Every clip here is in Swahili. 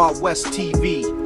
Wild West TV.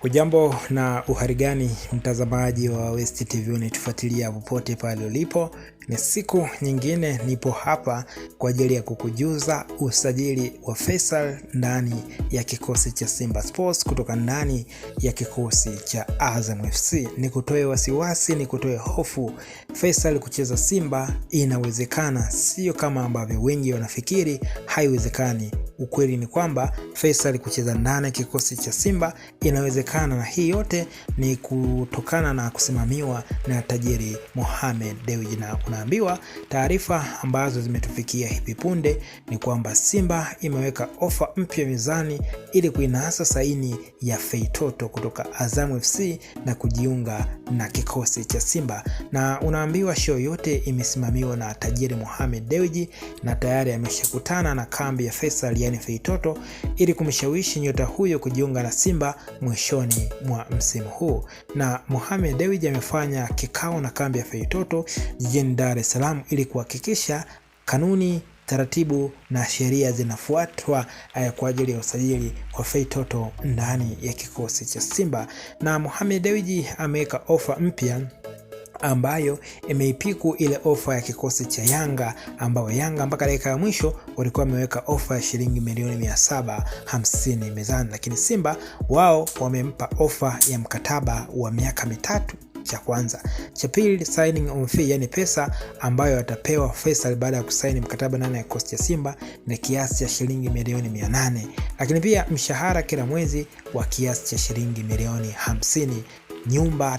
Hujambo na uharigani mtazamaji wa West TV unitufuatilia popote pale ulipo, ni siku nyingine, nipo hapa kwa ajili ya kukujuza usajili wa Faisal ndani ya kikosi cha Simba Sports kutoka ndani ya kikosi cha Azam FC. Ni kutoe wasiwasi, ni kutoe hofu, Faisal kucheza Simba inawezekana, sio kama ambavyo wengi wanafikiri haiwezekani. Ukweli ni kwamba Faisal kucheza ndani ya kikosi cha Simba inawezekana, na hii yote ni kutokana na kusimamiwa na tajiri Mohamed Dewji. Na unaambiwa taarifa ambazo zimetufikia hivi punde ni kwamba Simba imeweka ofa mpya mezani ili kuinasa saini ya Feitoto kutoka Azam FC na kujiunga na kikosi cha Simba, na unaambiwa show yote imesimamiwa na tajiri Mohamed Dewji na tayari ameshakutana na kambi ya Faisal yani feitoto ili kumshawishi nyota huyo kujiunga na Simba mwishoni mwa msimu huu. Na Mohamed Dewji amefanya kikao na kambi ya feitoto jijini Dar es Salaam ili kuhakikisha kanuni taratibu na sheria zinafuatwa eh, kwa ajili ya usajili wa feitoto ndani ya kikosi cha Simba. Na Mohamed Dewji ameweka ofa mpya ambayo imeipiku ile ofa ya kikosi cha Yanga ambayo Yanga mpaka dakika ya mwisho walikuwa wameweka ofa ya shilingi milioni 750 mezani, lakini Simba wao wamempa ofa ya mkataba wa miaka mitatu cha kwanza, cha pili signing on fee, yani pesa ambayo atapewa Faisal baada ya kusaini mkataba nane ya kikosi cha Simba na kiasi cha shilingi milioni 800, lakini pia mshahara kila mwezi wa kiasi cha shilingi milioni 50 nyumba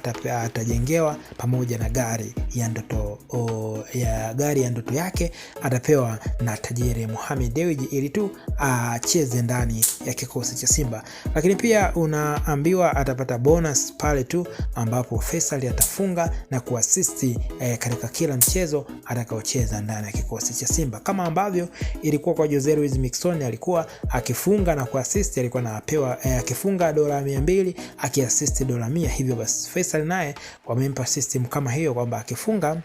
atajengewa pamoja na gari ya ndoto o, ya gari ya ndoto yake atapewa na tajiri Mohamed Dewji ili tu acheze ndani ya kikosi cha Simba, lakini pia unaambiwa atapata bonus pale tu ambapo Faisal atafunga na kuasisti e, katika kila mchezo atakaocheza ndani ya kikosi cha Simba, kama ambavyo ilikuwa kwa Jose Luis Mixon, alikuwa akifunga na kuasisti, alikuwa anapewa e, akifunga dola 200 akiasisti dola 100. Hivyo basi Faisal naye wamempa system kama hiyo kwamba akifunga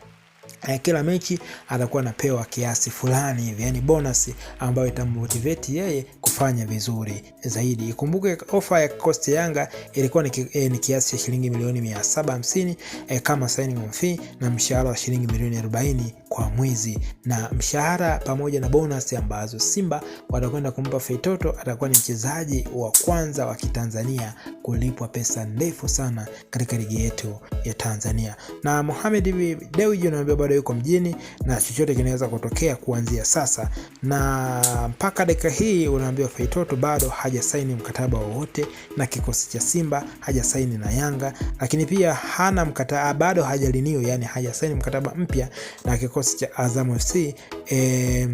eh, kila mechi atakuwa anapewa kiasi fulani hivi, yani bonus ambayo itamotivate yeye kufanya vizuri zaidi. Ikumbuke ofa ya kosti Yanga ilikuwa ni, eh, ni kiasi cha shilingi milioni 750 eh, kama signing fee na mshahara wa shilingi milioni kwa mwezi, na mshahara pamoja na bonus ambazo Simba watakwenda kumpa Feitoto. Atakuwa ni mchezaji wa kwanza wa Kitanzania kulipwa pesa ndefu sana katika ligi yetu ya Tanzania. Na Mohamed Dewji anaambia bado yuko mjini na chochote kinaweza kutokea kuanzia sasa, na mpaka dakika hii unaambiwa Feitoto bado hajasaini mkataba wowote na kikosi cha Simba, hajasaini na Yanga, lakini pia hana mkataba, bado hajaliniwa, yani hajasaini mkataba mpya na kikosi kikosi cha Azam FC e, e,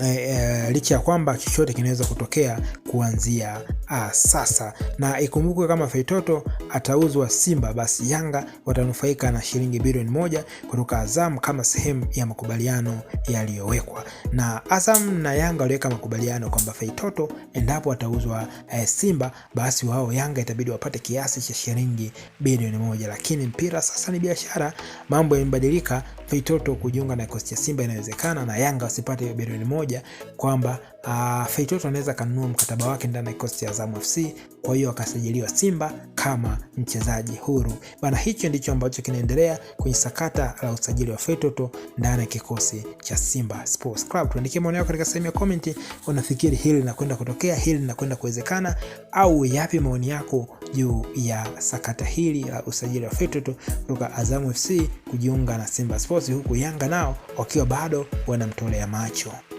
eh, eh, licha ya kwamba chochote kinaweza kutokea kuanzia aa, ah, sasa. Na ikumbukwe kama Feitoto atauzwa Simba, basi Yanga watanufaika na shilingi bilioni moja kutoka Azam kama sehemu ya makubaliano yaliyowekwa. Na Azam na Yanga waliweka makubaliano kwamba Feitoto endapo atauzwa e, Simba, basi wao Yanga itabidi wapate kiasi cha shilingi bilioni moja. Lakini mpira sasa ni biashara, mambo yamebadilika. Feitoto kujiunga na kikosi cha Simba inawezekana, na Yanga wasipate bilioni moja, kwamba uh, ah, Feitoto anaweza kanunua mkataba mkataba wake ndani ya kikosi cha Azam FC, kwa hiyo akasajiliwa Simba kama mchezaji huru bana. Hicho ndicho ambacho kinaendelea kwenye sakata la usajili wa Fetoto ndani ya kikosi cha Simba Sports Club. Tuandikie maoni yako katika sehemu ya comment, unafikiri hili linakwenda kutokea, hili linakwenda kuwezekana, au yapi maoni yako juu ya sakata hili la usajili wa Fetoto kutoka Azam FC kujiunga na Simba Sports, huku Yanga nao wakiwa bado wanamtolea macho.